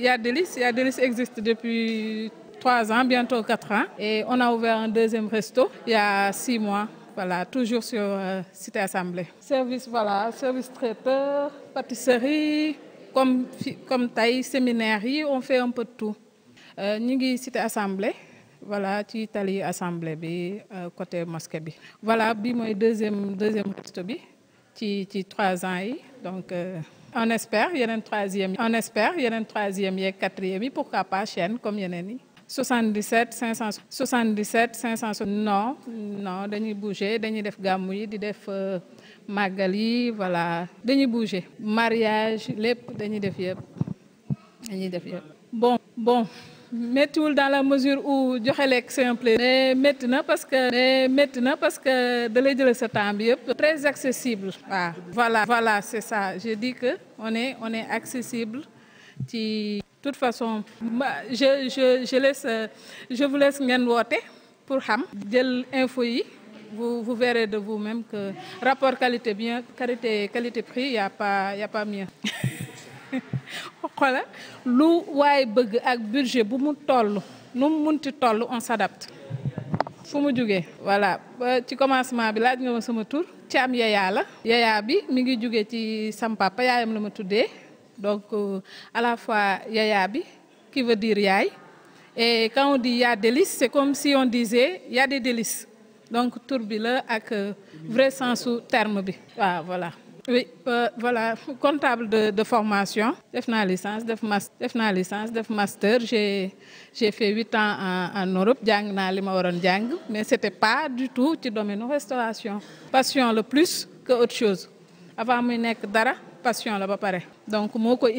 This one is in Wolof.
Yadelis. Yadelis existe depuis trois ans, bientôt quatre ans. Et on a ouvert un deuxième resto il six mois. Voilà, toujours sur euh, Cité Assemblée. Service, voilà, service traiteur, pâtisserie, comme, comme taille, yi on fait un peu de tout. Euh, nous sommes Cité Assemblée. voilà ci tali assemblée bi euh, côté mosquée bi voilà bi mooy deuxième deuxième resto bi ci ci trois ans yi donc. Euh, on espère yeneen troisième on espère yeneen troisième ye quatrième yi pourquoi pas chaîne comme yeneen yi. 77 500 77 500 non non dañuy bouger dañuy def gàmmu yi di def euh, màggal yi voilà dañuy bouger mariage lépp dañuy def yëpp. dañuy def yëpp bon bon méttiwul dans la mesure où joxe lekk c'est mais métti na parce que mais métti na parce que da lay sa temps bi yëpp très accessible waaw ah. voilà voilà c'est ça je dis que on est on est accessible ci toute façon je je je laisse je vous laisse ngeen woote pour xam jël info yi vous verrez de vous-même que rapport qualité bien qualité qualité prix y a pas y pas mieux xola lu waay bëgg ak budget bu mu toll nu mu munti toll on s'adapte fu mu jógee voilà ci commencement bi laaj nga ma sama tur ci am yayaa la yayaa bi mi ngi jógee ci sam papa yaayam la ma tuddee donc euh, à la fois yayaa bi qui veut dire yaay et quand on dit y délice c'est comme si on disait y a des donc tur bi la ak euh, vrai sensu terme bi waaw voilà oui euh, voilà comptable de, de formation def na licence def mas def naa licence def master j'ai j'ai fait huit ans en, en Europe jàng naa li ma waroon jàng mais c'était pas du tout ci domaine restauration passion le plus que autre chose avant muy nekk dara passion la ba pare donc moo